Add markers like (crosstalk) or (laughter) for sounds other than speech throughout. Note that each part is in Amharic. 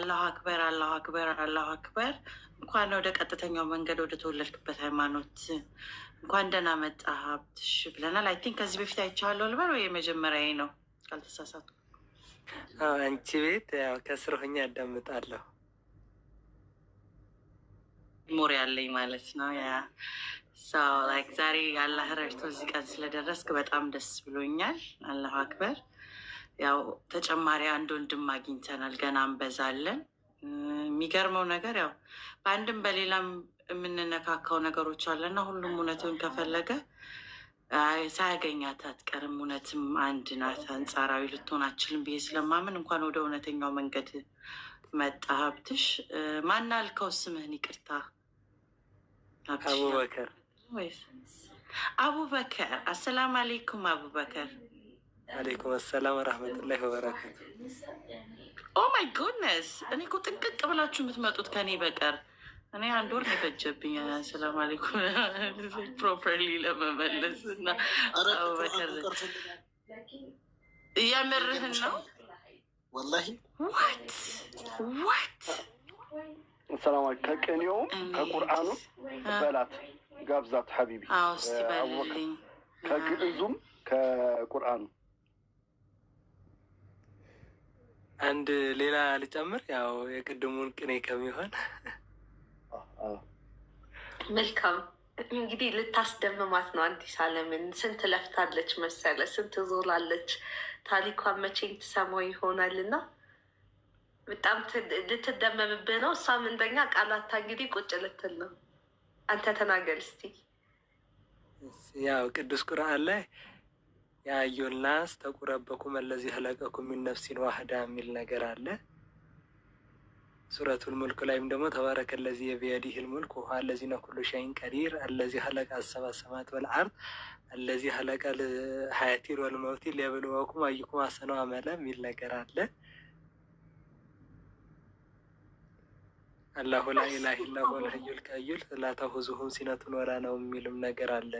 አላሁ አክበር፣ አላሁ አክበር፣ አላሁ አክበር። እንኳን ወደ ቀጥተኛው መንገድ ወደ ተወለድክበት ሃይማኖት እንኳን ደህና መጣ ሀብትሽ ብለናል። አይ ቲንክ ከዚህ በፊት አይቼዋለሁ ልበል ወይ የመጀመሪያ ነው ካልተሳሳቱ። አንቺ ቤት ከስር ሆኜ ያዳምጣለሁ ሞር ያለኝ ማለት ነው። ያ ሰው ላይክ ዛሬ አላህ ረድቶ እዚህ ቀን ስለደረስክ በጣም ደስ ብሎኛል። አላሁ አክበር ያው ተጨማሪ አንድ ወንድም አግኝተናል። ገና እንበዛለን። የሚገርመው ነገር ያው በአንድም በሌላም የምንነካካው ነገሮች አለና ሁሉም እውነቱን ከፈለገ ሳያገኛት አትቀርም። እውነትም አንድ ናት። አንጻራዊ ልትሆን አችልም ብዬ ስለማምን እንኳን ወደ እውነተኛው መንገድ መጣ። ሀብትሽ ማን አልከው? ስምህን ይቅርታ። አቡበከር አቡበከር። አሰላም አሌይኩም አቡበከር አሌይኩም አሰላም ረህመቱላ ወበረካቱ። ኦ ማይ ጎድነስ እኔ እኮ ጥንቅቅ ብላችሁ የምትመጡት ከኔ በቀር እኔ አንድ ወር የፈጀብኝ ሰላም አሌይኩም ፕሮፐርሊ ለመመለስ እና አቡበከር እያመርህን ነው። ወላሂ ዋት ዋት ሰላም ከቅኔውም ከቁርአኑ በላት ጋብዛት ሀቢቢ ከግዕዙም ከቁርአኑ አንድ ሌላ ልጨምር። ያው የቅድሙን ቅኔ ከሚሆን መልካም እንግዲህ ልታስደምማት ነው አዲስ አለምን። ስንት ለፍታለች መሰለ፣ ስንት ዞላለች። ታሪኳን መቼም ትሰማው ይሆናል እና በጣም ልትደመምብህ ነው። እሷም እንደኛ ቃላታ እንግዲህ ቁጭ ልትል ነው። አንተ ተናገር እስቲ ያው ቅዱስ ቁርአን ላይ ያዩናስ ተቁረበኩ መለዚ ህለቀኩ ሚን ነፍሲን ዋህዳ የሚል ነገር አለ። ሱረቱል ሙልክ ላይም ደግሞ ተባረከ ለዚ የቢየዲሂል ሙልክ ውሃ አለዚ አለዚነ ኩሉ ሸይን ቀዲር አለዚ ህለቀ አሰባ ሰማት ወልአርድ አለዚ ህለቀ ሀያቲር ወልመውቲ ሊያብልወኩም አይኩም አሰነው አመለ የሚል ነገር አለ። አላሁ ላ ላኢላህ ኢላሁ ልሀዩል ቀዩል ላታሁዙሁም ሲነቱን ወላ ነው የሚልም ነገር አለ።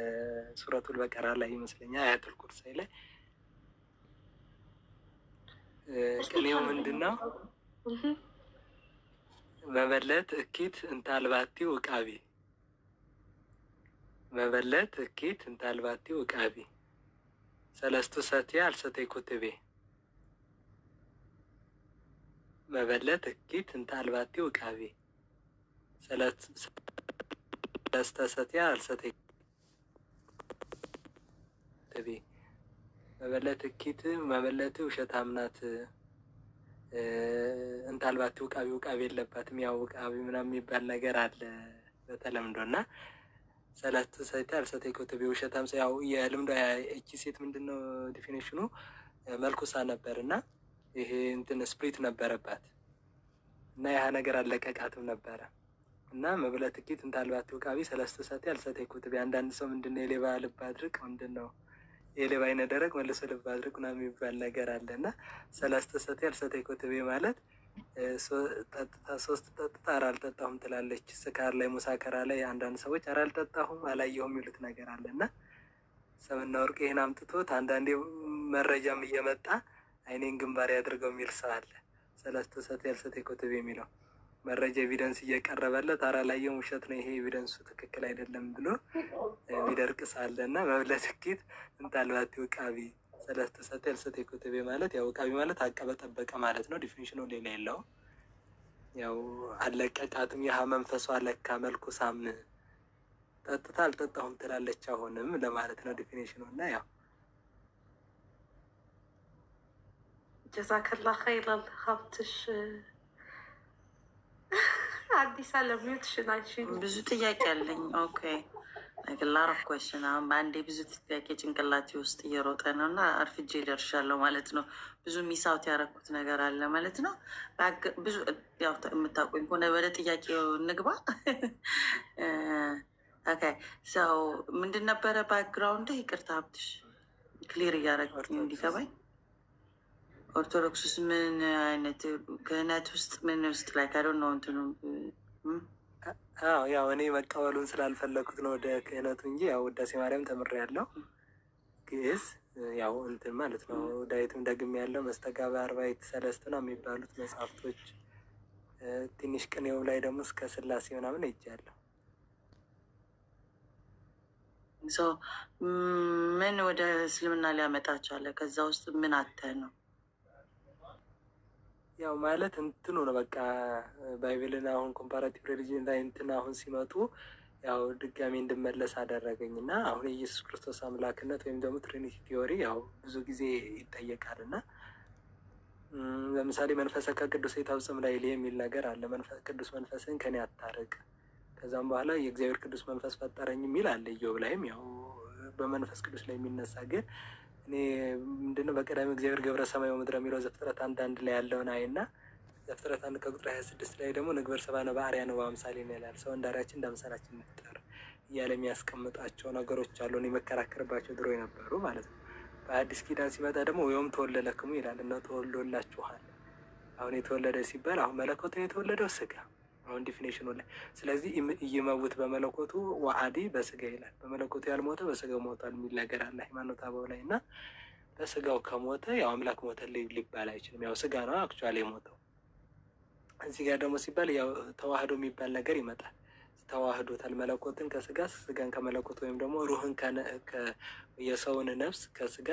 ሱረቱል በቀራ ላይ ይመስለኛል አያቱል ኩርሳይ ላይ ቅኔው ምንድን ነው? መበለት እኪት እንታልባቲ ውቃቢ መበለት እኪት እንታልባቲ ውቃቢ ሰለስቱ ሰትየ አልሰተይ ኩትቤ መበለት እኪት እንታልባቲ ውቃቤ ሰለስተ ሰትያ አልሰተይ ተቤ መበለት እኪት መበለት ውሸታም ናት እንታልባት ውቃቢ ውቃቢ የለባትም። ያው ውቃቢ ምናምን የሚባል ነገር አለ በተለምዶ እና ሰለስተ ሰትያ አልሰተይ ኮተቤ ውሸታም ያው የልምዶ እቺ ሴት ምንድን ነው ዲፊኒሽኑ መልኩሳ ነበር እና ይሄ እንትን ስፕሪት ነበረባት እና ያህ ነገር አለቀቃትም ነበረ። እና መብለ ጥቂት እንዳልባት ውቃቢ ሰለስተ ሰት ያልሰተ ኩትቤ። አንዳንድ ሰው ምንድነው የሌባ ልብ አድርቅ ምንድነው የሌባ አይነ ደረቅ መልሶ ልብ አድርቅ ና የሚባል ነገር አለ እና ሰለስተ ሰት ያልሰተ ኩትቤ ማለት ሶስት ጠጥታ አራልጠጣሁም ትላለች። ስካር ላይ ሙሳከራ ላይ አንዳንድ ሰዎች አራልጠጣሁም አላየሁም ይሉት ነገር አለ እና ሰምና ወርቅ ይህን አምጥቶት አንዳንዴ መረጃም እየመጣ አይኔን ግንባር ያድርገው የሚል ሰው አለ። ሰለስተ ሰት ያልሰተ ኩትቤ የሚለው መረጃ ኤቪደንስ እየቀረበለት አራ ላየው ውሸት ነው ይሄ ኤቪደንሱ ትክክል አይደለም ብሎ የሚደርቅ ሳለ እና መብለትኬት እንታልባት ውቃቢ ሰለስተ ሰቴል ሰቴ ኩትቤ ማለት ያው ውቃቢ ማለት አቀበ ጠበቀ ማለት ነው። ዲፊኒሽኑ ሌላ የለው። ያው አለቀቃትም ይሀ መንፈሱ አለካ መልኩ ሳም ጠጥታ አልጠጣሁም ትላለች አሁንም ለማለት ነው ዲፊኒሽኑ እና ያው ጀዛከላ ኸይረል ሀብትሽ አዲስ አለ አለም ብዙ ጥያቄ አለኝ። ኦኬ ላር ኦፍ ኮስችን አሁን በአንዴ ብዙ ጥያቄ ጭንቅላቴ ውስጥ እየሮጠ ነው እና አርፍጄ ይደርሻለሁ ማለት ነው። ብዙ ሚሳውት ያደረኩት ነገር አለ ማለት ነው። ብዙ የምታቆኝ ከሆነ ወደ ጥያቄው እንግባ። (laughs) ኦኬ ሰው ምንድን ነበረ ባክግራውንድ? ይቅርታ ሀብትሽ ክሊር እያደረግኩኝ እንዲገባኝ ኦርቶዶክስ ውስጥ ምን አይነት ክህነት ውስጥ ምን ውስጥ ላይ ካለው ነው እንትኑ? አዎ ያው እኔ መቀበሉን ስላልፈለግኩት ነው ወደ ክህነቱ እንጂ ያው ውዳሴ ማርያም ተምሬ ያለው ግዕዝ ያው እንትን ማለት ነው። ዳዊትም ደግሜ ያለው መስተጋባ፣ አርባዕት፣ ነው የሚባሉት መጽሐፍቶች ትንሽ ቅኔው ላይ ደግሞ እስከ ስላሴ ምናምን አይቻለሁ። ምን ወደ እስልምና ሊያመጣቸዋለ? ከዛ ውስጥ ምን አተ ነው ያው ማለት እንትኑ ነው በቃ ባይብልን አሁን ኮምፓራቲቭ ሪሊጅን ላይ እንትን አሁን ሲመጡ ያው ድጋሚ እንድመለስ አደረገኝ እና አሁን የኢየሱስ ክርስቶስ አምላክነት ወይም ደግሞ ትሪኒቲ ቲዮሪ ያው ብዙ ጊዜ ይጠየቃል እና ለምሳሌ መንፈሰ ከቅዱስ የታብጽም ላይ የሚል ነገር አለ። ቅዱስ መንፈስን ከኔ አታርቅ፣ ከዛም በኋላ የእግዚአብሔር ቅዱስ መንፈስ ፈጠረኝ የሚል አለ። ኢዮብ ላይም ያው በመንፈስ ቅዱስ ላይ የሚነሳ ግን እኔ ምንድነው በቀዳሚው እግዚአብሔር ገብረ ሰማይ ምድረ የሚለው ዘፍጥረት አንድ አንድ ላይ ያለውን አይና ዘፍጥረት አንድ ከቁጥር ሀያ ስድስት ላይ ደግሞ ንግበር ሰባ ነው በአርያ ነው በአምሳሌ ነው ይላል። ሰው እንደ እንደ አምሳላችን እንፍጠር እያለ የሚያስቀምጣቸው ነገሮች አሉ። እኔ መከራከርባቸው ድሮ የነበሩ ማለት ነው። በአዲስ ኪዳን ሲመጣ ደግሞ ወይም ተወለለክሙ ይላል እና ተወልዶላችኋል። አሁን የተወለደ ሲባል አሁን መለኮትን የተወለደው ስጋ አሁን ዲፊኔሽኑ ላይ። ስለዚህ ይመውት በመለኮቱ ዋአዲ በስጋ ይላል። በመለኮቱ ያልሞተ በስጋው ሞቷል የሚል ነገር አለ ሃይማኖት አበው ላይ እና በስጋው ከሞተ ያው አምላክ ሞተ ሊባል አይችልም። ያው ስጋ ነው አክቹዋሊ የሞተው። እዚህ ጋር ደግሞ ሲባል ያው ተዋህዶ የሚባል ነገር ይመጣል። ተዋህዶታል መለኮትን ከስጋ ስጋን ከመለኮት ወይም ደግሞ ሩህን የሰውን ነፍስ ከስጋ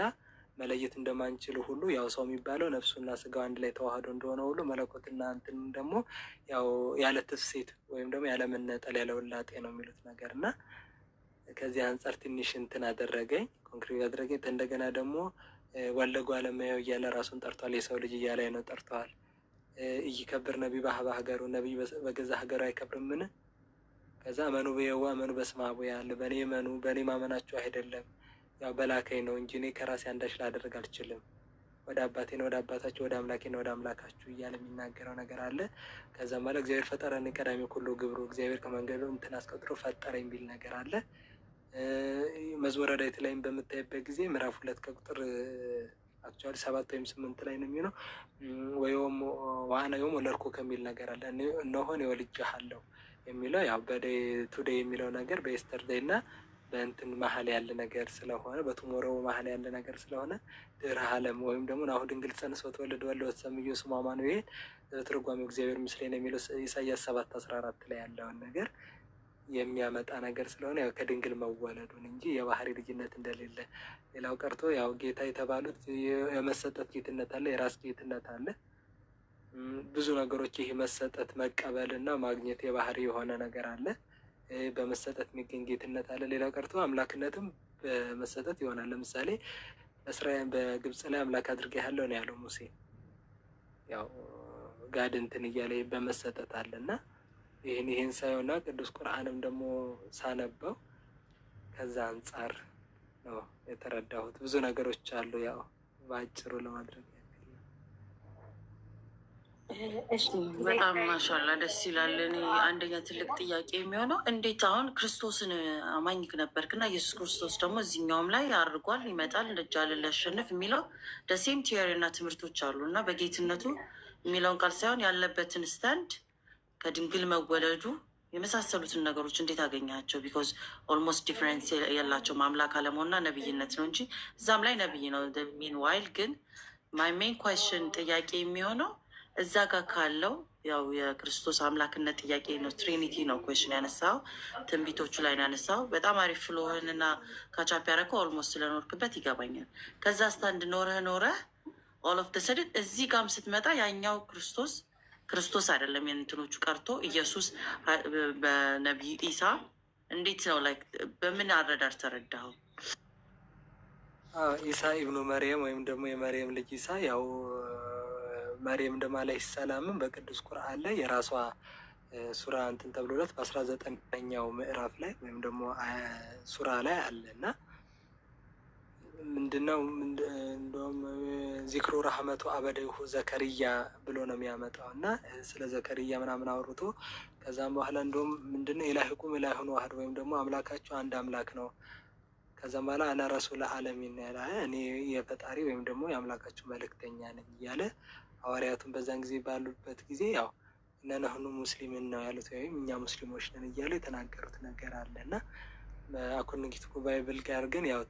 መለየት እንደማንችል ሁሉ ያው ሰው የሚባለው ነፍሱና ስጋው አንድ ላይ ተዋህዶ እንደሆነ ሁሉ መለኮትና እንትን ደግሞ ያው ያለ ትፍሴት ወይም ደግሞ ያለ መነጠል ያለ ውላጤ ነው የሚሉት ነገር እና ከዚህ አንጻር ትንሽ እንትን አደረገኝ ኮንክሪት አደረገኝ። እንደገና ደግሞ ወለጉ አለማየሁ እያለ ራሱን ጠርተዋል። የሰው ልጅ እያለ ነው ጠርተዋል። እይከብር ነቢ ባህባ ሀገሩ ነቢይ በገዛ ሀገሩ ምን ከዛ መኑ በየዋ መኑ በስማቡ ያለ በእኔ መኑ በእኔ ማመናቸው አይደለም ያው በላከኝ ነው እንጂ እኔ ከራሴ አንዳች ላደርግ አልችልም። ወደ አባቴ ነው ወደ አባታችሁ ወደ አምላኬ ነው ወደ አምላካችሁ እያለ የሚናገረው ነገር አለ። ከዛም በኋላ እግዚአብሔር ፈጠረን ቀዳሚ ሁሉ ግብሩ እግዚአብሔር ከመንገዱ እንትን አስቀጥሮ ፈጠረ የሚል ነገር አለ። መዝሙረ ዳዊት ላይም በምታይበት ጊዜ ምዕራፍ ሁለት ከቁጥር አክቹዋሊ ሰባት ወይም ስምንት ላይ ነው የሚሆነው። ወይም ዋና ወይም ወለድኩ ከሚል ነገር አለ። እነሆን የወልጅሃለሁ የሚለው ያው በዴይ ቱዴይ የሚለው ነገር በኤስተርዴይ እና በእንትን መሀል ያለ ነገር ስለሆነ በቱሞሮው መሀል ያለ ነገር ስለሆነ ድኅረ ዓለም ወይም ደግሞ ናሁ ድንግል ጸንሶ ተወለደ ወልደ ወሰምዮ ስሙ አማኑኤል ትርጓሜው እግዚአብሔር ነው የሚለው ኢሳያስ ሰባት አስራ አራት ላይ ያለውን ነገር የሚያመጣ ነገር ስለሆነ ያው ከድንግል መወለዱን እንጂ የባህሪ ልጅነት እንደሌለ ሌላው ቀርቶ ያው ጌታ የተባሉት የመሰጠት ጌትነት አለ፣ የራስ ጌትነት አለ። ብዙ ነገሮች ይህ መሰጠት መቀበል መቀበልና ማግኘት የባህሪ የሆነ ነገር አለ። በመሰጠት የሚገኝ ጌትነት አለ። ሌላ ቀርቶ አምላክነትም በመሰጠት ይሆናል። ለምሳሌ እስራኤል በግብፅ ላይ አምላክ ያለው ነው ያለው ሙሴ። ያው ጋድ እንትን እያለ በመሰጠት አለ እና ይህን ይህን ሳይሆና ቅዱስ ቁርአንም ደግሞ ሳነበው ከዛ አንጻር ነው የተረዳሁት። ብዙ ነገሮች አሉ ያው በአጭሩ ለማድረግ በጣም ማሻላ ደስ ይላል። እኔ አንደኛ ትልቅ ጥያቄ የሚሆነው እንዴት አሁን ክርስቶስን አማኝክ ነበርክና ኢየሱስ ክርስቶስ ደግሞ እዚኛውም ላይ አድርጓል ይመጣል እንደጃለን ሊያሸንፍ የሚለው ደሴም ቲዮሪ እና ትምህርቶች አሉ እና በጌትነቱ የሚለውን ቃል ሳይሆን ያለበትን ስታንድ ከድንግል መወለዱ የመሳሰሉትን ነገሮች እንዴት አገኛቸው? ቢኮዝ ኦልሞስት ዲፍረንስ የላቸው አምላክ አለመሆንና ነብይነት ነው እንጂ እዛም ላይ ነብይ ነው። ሚንዋይል ግን ማይ ሜን ኳስሽን ጥያቄ የሚሆነው እዛ ጋር ካለው ያው የክርስቶስ አምላክነት ጥያቄ ነው። ትሪኒቲ ነው ኮሽን ያነሳው ትንቢቶቹ ላይ ያነሳው በጣም አሪፍ ፍሎህን እና ካቻፕ ያደረገው ኦልሞስት ስለኖርክበት ይገባኛል። ከዛ ስታንድ ኖረህ ኖረህ ኦል ኦፍ ተሰድድ እዚህ ጋም ስትመጣ ያኛው ክርስቶስ ክርስቶስ አይደለም የንትኖቹ ቀርቶ ኢየሱስ በነቢዩ ኢሳ እንዴት ነው ላይ በምን አረዳር ተረዳኸው? ኢሳ ኢብኑ መርየም ወይም ደግሞ የመርየም ልጅ ኢሳ ያው መርየም ደግሞ አለይሂ ሰላምም በቅዱስ ቁርአን ላይ የራሷ ሱራ እንትን ተብሎለት በአስራ ዘጠነኛው ምዕራፍ ላይ ወይም ደግሞ ሱራ ላይ አለ እና ምንድነው እንደውም ዚክሩ ረህመቱ አበደሁ ዘከርያ ብሎ ነው የሚያመጣው እና ስለ ዘከርያ ምናምን አውርቶ ከዛም በኋላ እንደውም ምንድነው ኢላሂኩም ኢላሁን ዋህድ ወይም ደግሞ አምላካቸው አንድ አምላክ ነው ከዛም በኋላ አና ረሱል አለሚን እኔ የፈጣሪ ወይም ደግሞ የአምላካቸው መልእክተኛ ነኝ እያለ ሐዋርያቱን በዛን ጊዜ ባሉበት ጊዜ ያው እነ ነህኑ ሙስሊምን ነው ያሉት ወይም እኛ ሙስሊሞች ነን እያሉ የተናገሩት ነገር አለ እና አኮንጊት ባይብል ጋር ግን ያው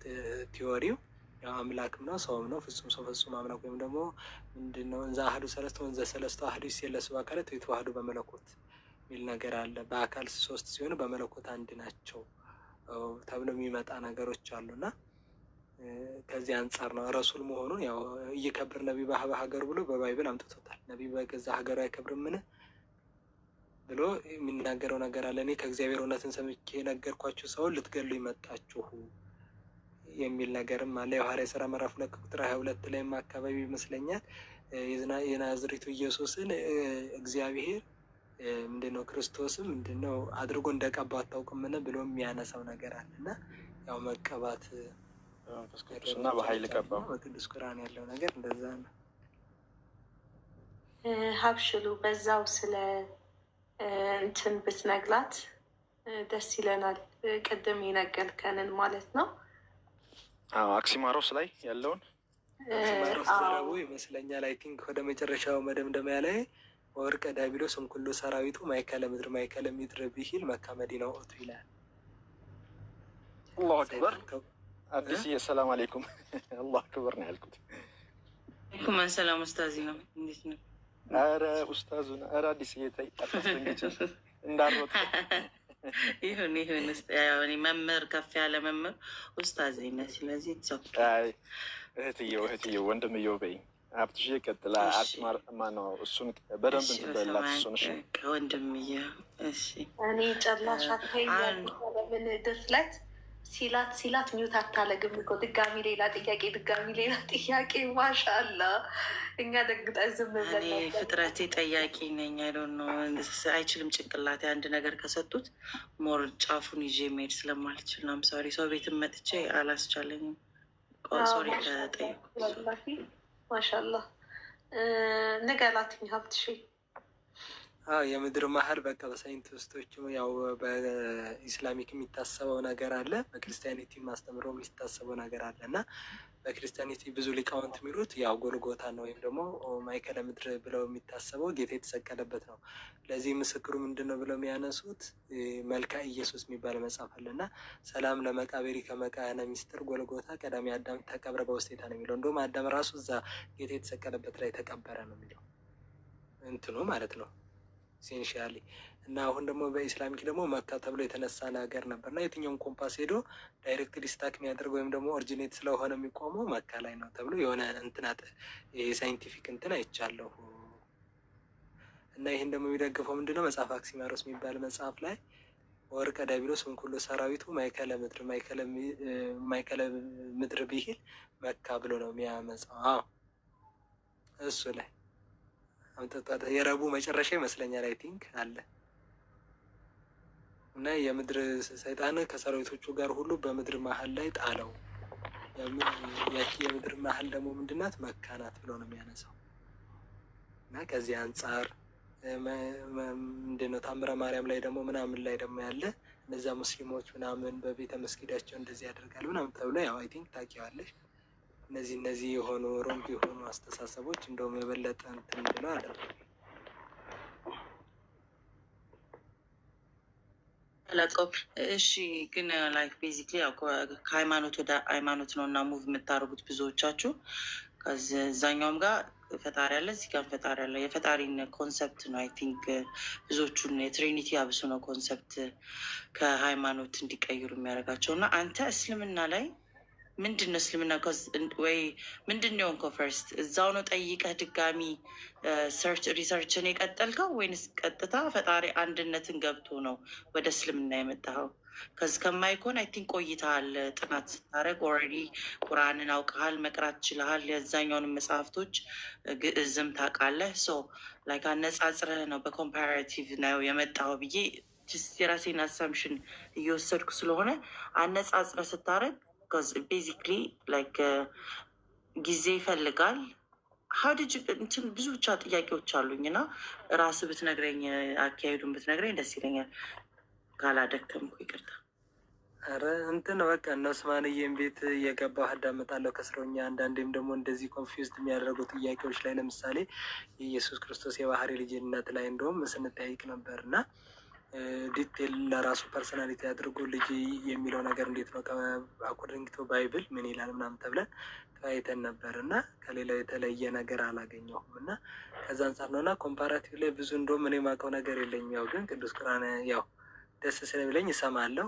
ቲዎሪው ያው አምላክም ነው ሰውም ነው ፍጹም ሰው ፍጹም አምላክ ወይም ደግሞ ምንድነው እንዛ አህዱ ሰለስተ ወንዘ ሰለስተ አህዱ ይሴለሱ በአካላት የተዋህዱ በመለኮት የሚል ነገር አለ። በአካል ሶስት ሲሆኑ በመለኮት አንድ ናቸው ተብሎ የሚመጣ ነገሮች አሉና ከዚህ አንጻር ነው ረሱል መሆኑን ያው እየከብር ነቢ ባህበ ሀገር ብሎ በባይብል አምጥቶታል። ነቢ በገዛ ሀገር አይከብርምን ብሎ የሚናገረው ነገር አለ። እኔ ከእግዚአብሔር እውነትን ሰምቼ የነገርኳችሁ ሰውን ልትገሉ ይመጣችሁ የሚል ነገርም አለ። የሐዋርያት ሥራ ምዕራፍ ሁለት ቁጥር ሀያ ሁለት ላይም አካባቢ ይመስለኛል የናዝሪቱ ኢየሱስን እግዚአብሔር ምንድን ነው ክርስቶስም ምንድን ነው አድርጎ እንደቀባ አታውቅምን ብሎ የሚያነሳው ነገር አለ እና ያው መቀባት በመንፈስ ቅዱስ እና በኃይል ቀባው። በቅዱስ ቁርአን ያለው ነገር እንደዛ ነው። ሀብሽሉ በዛው ስለ እንትን ብትነግላት ደስ ይለናል። ቅድም የነገርከንን ማለት ነው። አዎ አክሲማሮስ ላይ ያለውን አክሲማሮስ ዘረቡ ይመስለኛል። አይ ቲንክ ወደ መጨረሻው መደምደሚያ ላይ ወርቀ ዳቢሎስ እምኩሉ ሰራዊቱ ማይከለ ምድር ማይከለ ምድር ብሂል መካ መዲናው ኦቱ ይላል። አላሁ አክበር أبسي السلام عليكم الله كبرنا عليكم عليكم السلام أستاذنا እንዴት ነው? ኧረ ኡስታዙን ኧረ አዲስ ጌታይ አታስደንግጭ እንዳሮጥ ይሁን ይሁን እኔ መምህር ከፍ ያለ መምህር ኡስታዝ ነ ስለዚህ ትሰብአይ እህትየው እህትየው ወንድምየው በይኝ ሀብትሽ ቀጥላ አትማር ማነው እሱን በደንብ እንትን በላት እሱን እሺ ወንድምየው እሺ እኔ ጨላሽ አትይኝ ለምን ድፍለት ሲላት ሲላት ሚውት አታለግም እኮ ድጋሚ ሌላ ጥያቄ ድጋሚ ሌላ ጥያቄ ማሻላ እኛ ደግጣ ዝም ፍጥረቴ ጠያቂ ነኝ አይሎን ነው አይችልም ጭንቅላት አንድ ነገር ከሰጡት ሞር ጫፉን ይዤ መሄድ ስለማልችል ነው ምሳሪ ሰው ቤትን መጥቼ አላስቻለኝም ሶሪ ጠይቁ ማሻላ ንገላት ሀብትሽ የምድር መሀል በቃ በሳይንቲስቶች ያው በኢስላሚክ የሚታሰበው ነገር አለ፣ በክርስቲያኒቲ ማስተምረው የሚታሰበው ነገር አለ እና በክርስቲያኒቲ ብዙ ሊቃውንት የሚሉት ያው ጎልጎታ ነው ወይም ደግሞ ማይከለ ምድር ብለው የሚታሰበው ጌታ የተሰቀለበት ነው። ለዚህ ምስክሩ ምንድን ነው ብለው የሚያነሱት መልካ ኢየሱስ የሚባል መጽሐፍ አለ እና ሰላም ለመቃብሪ ከመቃነ ሚስጥር ጎልጎታ ቀዳሚ አዳም ተቀብረ በውስቴታ ነው የሚለው። እንደውም አዳም ራሱ እዛ ጌታ የተሰቀለበት ላይ ተቀበረ ነው የሚለው እንትኑ ማለት ነው። ሲንሻሊ እና አሁን ደግሞ በኢስላሚክ ደግሞ መካ ተብሎ የተነሳ ሀገር ነበር እና የትኛውም ኮምፓስ ሄዶ ዳይሬክት ሊስታክ የሚያደርግ ወይም ደግሞ ኦርጂኔት ስለሆነ የሚቆመው መካ ላይ ነው ተብሎ የሆነ እንትና ሳይንቲፊክ እንትን አይቻለሁ። እና ይህን ደግሞ የሚደግፈው ምንድነው መጽሐፍ አክሲማሮስ የሚባል መጽሐፍ ላይ ወርቀ ዳቢሎስ ምን ሰራዊቱ ማይከለ ምድር ማይከለ ምድር ቢሂል መካ ብሎ ነው የሚያመጻው እሱ ላይ የረቡ መጨረሻ ይመስለኛል አይ ቲንክ አለ እና የምድር ሰይጣን ከሰራዊቶቹ ጋር ሁሉ በምድር መሀል ላይ ጣለው። ያቺ የምድር መሀል ደግሞ ምንድናት? መካናት ብሎ ነው የሚያነሳው። እና ከዚህ አንጻር ምንድነው ታምረ ማርያም ላይ ደግሞ ምናምን ላይ ደግሞ ያለ እነዚያ ሙስሊሞች ምናምን በቤተ መስጊዳቸው እንደዚህ ያደርጋል ምናምን ተብሎ ያው አይ ቲንክ ታውቂዋለሽ። እነዚህ እነዚህ የሆኑ ሮንግ የሆኑ አስተሳሰቦች እንደውም የበለጠ እንትን ብለው አደረጉ። እሺ ግን ላይክ ቤዚክሊ ከሃይማኖት ወደ ሃይማኖት ነው እና ሙቭ የምታደርጉት ብዙዎቻችሁ ከዛኛውም ጋር ፈጣሪ አለ፣ እዚህ ጋር ፈጣሪ አለ። የፈጣሪን ኮንሰፕት ነው አይ ቲንክ ብዙዎቹን የትሪኒቲ አብሶ ነው ኮንሰፕት ከሃይማኖት እንዲቀይሩ የሚያደርጋቸው እና አንተ እስልምና ላይ ምንድን ነው እስልምና ወይ ምንድን ነው እንኮ ፈርስት እዛው ነው ጠይቀህ ድጋሚ ሰርች ሪሰርችን የቀጠልከው ወይንስ ቀጥታ ፈጣሪ አንድነትን ገብቶ ነው ወደ እስልምና የመጣኸው? ከዚ ከማይኮን አይ ቲንክ ቆይተሃል፣ ጥናት ስታደረግ ኦልሬዲ ቁርአንን አውቀሃል፣ መቅራት ችልሃል፣ የዛኛውን መጽሐፍቶች ግዕዝም ታውቃለህ። ሶ ላይክ አነጻጽረህ ነው በኮምፓራቲቭ ነው የመጣው ብዬ የራሴን አሳምሽን እየወሰድኩ ስለሆነ አነጻጽረህ ስታደረግ ቤዚክሊ ላይክ uh, ጊዜ ይፈልጋል። ሀዲጅ እንትን ብዙ ብቻ ጥያቄዎች አሉኝ እና ራስ ብትነግረኝ አካሄዱን ብትነግረኝ ደስ ይለኛል። ካላደከምኩ ይቅርታ። ኧረ እንትን በቃ እነ ኡስማንዬም ቤት እየገባሁ አዳምጣለሁ ከስረኛ። አንዳንዴም ደግሞ እንደዚህ ኮንፊውዝድ የሚያደርጉ ጥያቄዎች ላይ ለምሳሌ የኢየሱስ ክርስቶስ የባህሪ ልጅነት ላይ እንደውም ስንጠያይቅ ነበር እና ዲቴል ለራሱ ፐርሶናሊቲ አድርጎ ልጅ የሚለው ነገር እንዴት ነው አኮርዲንግ ቱ ባይብል ምን ይላል ምናምን ተብለን ተወያይተን ነበር እና ከሌላው የተለየ ነገር አላገኘሁም እና ከዛ አንጻር ነው እና ኮምፓራቲቭ ላይ ብዙ እንደ እኔ የማውቀው ነገር የለኝም። ያው ግን ቅዱስ ቁርአን ያው ደስ ስለሚለኝ እሰማለሁ።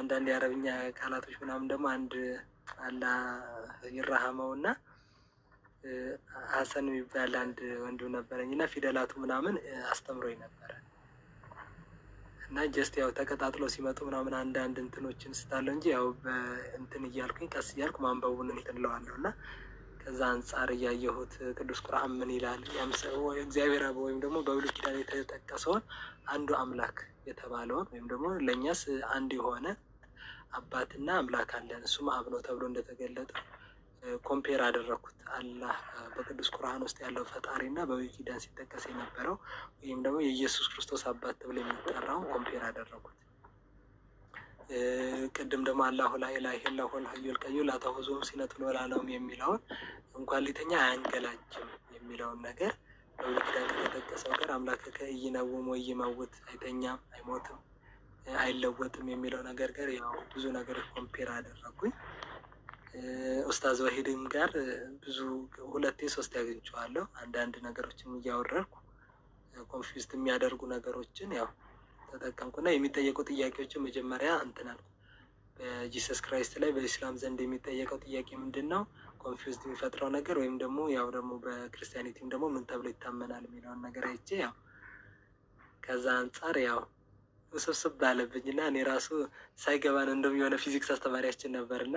አንዳንድ የአረብኛ ቃላቶች ምናምን ደግሞ አንድ አላ ይራሃመው እና ሀሰን የሚባል አንድ ወንድም ነበረኝ እና ፊደላቱ ምናምን አስተምሮኝ ነበረ። እና ጀስት ያው ተቀጣጥለው ሲመጡ ምናምን አንዳንድ እንትኖችን ስታለው እንጂ ያው በእንትን እያልኩኝ ቀስ እያልኩ ማንበቡን እንትን እና ከዛ አንጻር እያየሁት ቅዱስ ቁርአን ምን ይላል እግዚአብሔር አብ ወይም ደግሞ በብሉይ ኪዳን የተጠቀሰውን አንዱ አምላክ የተባለውን ወይም ደግሞ ለእኛስ አንድ የሆነ አባትና አምላክ አለን እሱም አብ ነው ተብሎ እንደተገለጠ ኮምፔር አደረግኩት። አላህ በቅዱስ ቁርአን ውስጥ ያለው ፈጣሪ እና በብሉይ ኪዳን ሲጠቀስ የነበረው ወይም ደግሞ የኢየሱስ ክርስቶስ አባት ተብሎ የሚጠራውን ኮምፔር አደረግኩት። ቅድም ደግሞ አላሁ ላ ኢላሀ ኢለሁ አልሀዩል ቀዩም ላ ተኹዙሁ ሲነቱን የሚለውን እንኳን ሊተኛ አያንገላጅም የሚለውን ነገር በብሉይ ኪዳን ከተጠቀሰው ጋር አምላከከ ኢይነውም ወኢይመውት አይተኛም፣ አይሞትም፣ አይለወጥም የሚለው ነገር ጋር ያው ብዙ ነገሮች ኮምፔር አደረጉኝ። ኡስታዝ ወሂድም ጋር ብዙ ሁለቴ ሶስት ያገኝቸዋለሁ። አንዳንድ ነገሮችን እያወረድኩ ኮንፊውስት የሚያደርጉ ነገሮችን ያው ተጠቀምኩና የሚጠየቁ ጥያቄዎችን መጀመሪያ እንትናል በጂሰስ ክራይስት ላይ በኢስላም ዘንድ የሚጠየቀው ጥያቄ ምንድን ነው? ኮንፊውስድ የሚፈጥረው ነገር ወይም ደግሞ ያው ደግሞ በክርስቲያኒቲም ደግሞ ምን ተብሎ ይታመናል የሚለውን ነገር አይቼ ያው ከዛ አንጻር ያው ውስብስብ ባለብኝ እና እኔ ራሱ ሳይገባን እንደም የሆነ ፊዚክስ አስተማሪያችን ነበር እና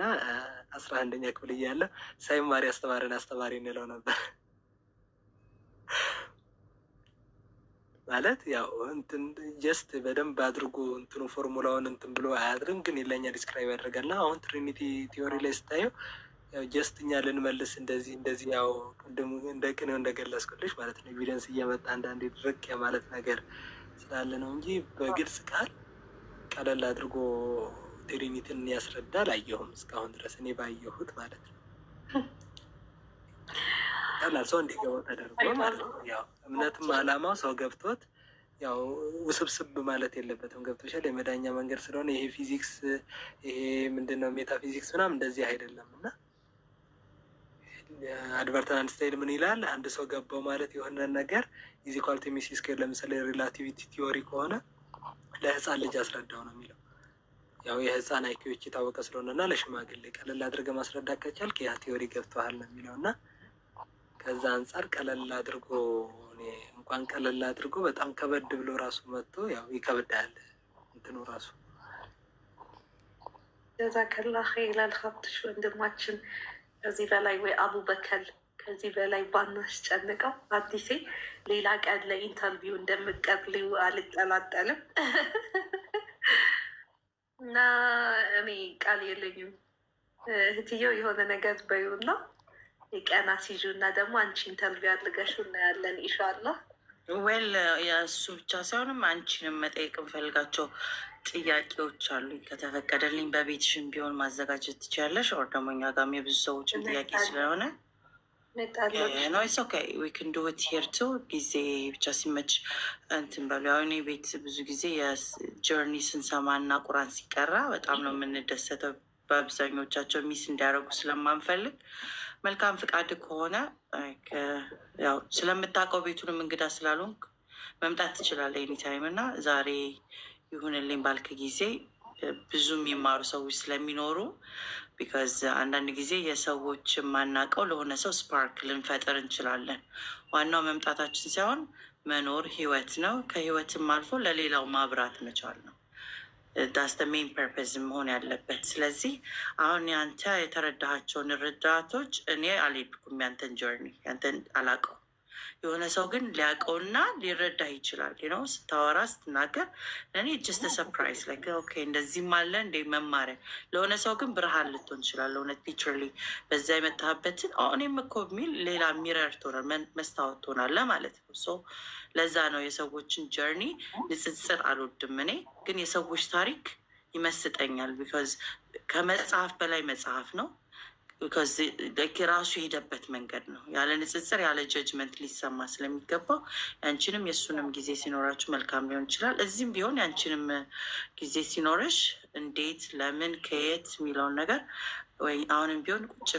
አስራ አንደኛ ክፍል እያለ ሳይማሪ አስተማሪን አስተማሪ እንለው ነበር። ማለት ያው እንትን ጀስት በደንብ አድርጎ እንትኑ ፎርሙላውን እንትን ብሎ አያድርም፣ ግን የለኛ ዲስክራይብ ያደርጋል እና አሁን ትሪኒቲ ቲዮሪ ላይ ስታየው ጀስት እኛ ልንመልስ እንደዚህ እንደዚህ ያው ቅድም እንደ ቅኔው እንደገለጽኩልሽ ማለት ነው ኤቪደንስ እየመጣ አንዳንዴ ድርቅ የማለት ነገር ስላለ ነው እንጂ በግልጽ ቃል ቀለል አድርጎ ትሪኒትን ያስረዳ አላየሁም እስካሁን ድረስ እኔ ባየሁት ማለት ነው። ቀላል ሰው እንዲገባው ተደርጎ ማለት ነው። ያው እምነትም አላማው ሰው ገብቶት ያው ውስብስብ ማለት የለበትም። ገብቶሻል? የመዳኛ መንገድ ስለሆነ ይሄ ፊዚክስ ይሄ ምንድን ነው ሜታፊዚክስ ምናምን እንደዚህ አይደለም እና አድቨርታይዝ ስታይል ምን ይላል? አንድ ሰው ገባው ማለት የሆነ ነገር ኢዝ ኢኳል ቱ ኤምሲ ስኩዌር፣ ለምሳሌ ሪላቲቪቲ ቲዮሪ ከሆነ ለህፃን ልጅ አስረዳው ነው የሚለው። ያው የህፃን አይኪዎች የታወቀ ስለሆነ እና ለሽማግሌ ቀለል አድርገ ማስረዳት ከቻልክ ያ ቲዮሪ ገብተዋል ነው የሚለው እና ከዛ አንጻር ቀለል አድርጎ እንኳን ቀለል አድርጎ በጣም ከበድ ብሎ ራሱ መጥቶ ያው ይከብዳል እንትኑ ራሱ ጀዛከላ ኸይር ላልካብትሽ ወንድማችን ከዚህ በላይ ወይ አቡበከር ከዚህ በላይ ባናስጨንቀው። አዲሴ ሌላ ቀን ለኢንተርቪው እንደምቀጥልው አልጠላጠልም (laughs) እና እኔ ቃል የለኝም። እህትየው የሆነ ነገር በይውና የቀና ሲዙ እና ደግሞ አንቺ ኢንተርቪው አድርገሽ እናያለን ኢንሻላህ። ወል የእሱ ብቻ ሳይሆንም አንቺንም መጠየቅ እንፈልጋቸው ጥያቄዎች አሉ። ከተፈቀደልኝ በቤትሽን ቢሆን ማዘጋጀት ትችላለሽ። ወር ደግሞ እኛ ጋም የብዙ ሰዎችም ጥያቄ ስለሆነ ኖይስ ኦኬ ዊክን ዱ ኢት ሄር ቱ ጊዜ ብቻ ሲመች እንትን በሉ። ያው እኔ ቤት ብዙ ጊዜ የጆርኒ ስንሰማ እና ቁራን ሲቀራ በጣም ነው የምንደሰተው። በአብዛኞቻቸው ሚስ እንዲያደርጉ ስለማንፈልግ መልካም ፍቃድ ከሆነ uh, ያው ስለምታውቀው ቤቱንም እንግዳ ስላልሆንክ መምጣት ትችላለህ ኤኒታይም እና ዛሬ ይሁንልኝ ባልክ ጊዜ ብዙ የሚማሩ ሰዎች ስለሚኖሩ ቢካዝ አንዳንድ ጊዜ የሰዎች የማናውቀው ለሆነ ሰው ስፓርክ ልንፈጥር እንችላለን። ዋናው መምጣታችን ሳይሆን መኖር ህይወት ነው። ከህይወትም አልፎ ለሌላው ማብራት መቻል ነው። ሜን ፐርፐዝ መሆን ያለበት። ስለዚህ አሁን ያንተ የተረዳቸውን ርዳቶች እኔ አልሄድኩም፣ ያንተን ጆርኒ ያንተን አላውቀውም የሆነ ሰው ግን ሊያውቀውና ሊረዳ ይችላል። ነው ስታወራ ስትናገር ለእኔ ጀስት ሰፕራይዝ ላይ ኦኬ እንደዚህ አለ እንደ መማሪያ ለሆነ ሰው ግን ብርሃን ልትሆን ይችላል። ለሆነ ቲቸር ላይ በዛ የመታህበትን እኔም እኮ የሚል ሌላ ሚረር ትሆናል፣ መስታወት ትሆናለ ማለት ነው። ሶ ለዛ ነው የሰዎችን ጀርኒ ንጽጽር አልወድም እኔ ግን የሰዎች ታሪክ ይመስጠኛል። ቢካዝ ከመጽሐፍ በላይ መጽሐፍ ነው። ራሱ የሄደበት መንገድ ነው። ያለ ንጽጽር ያለ ጀጅመንት ሊሰማ ስለሚገባው ያንቺንም የእሱንም ጊዜ ሲኖራችሁ መልካም ሊሆን ይችላል። እዚህም ቢሆን ያንቺንም ጊዜ ሲኖርሽ እንዴት፣ ለምን፣ ከየት የሚለውን ነገር ወይ አሁንም ቢሆን ቁጭ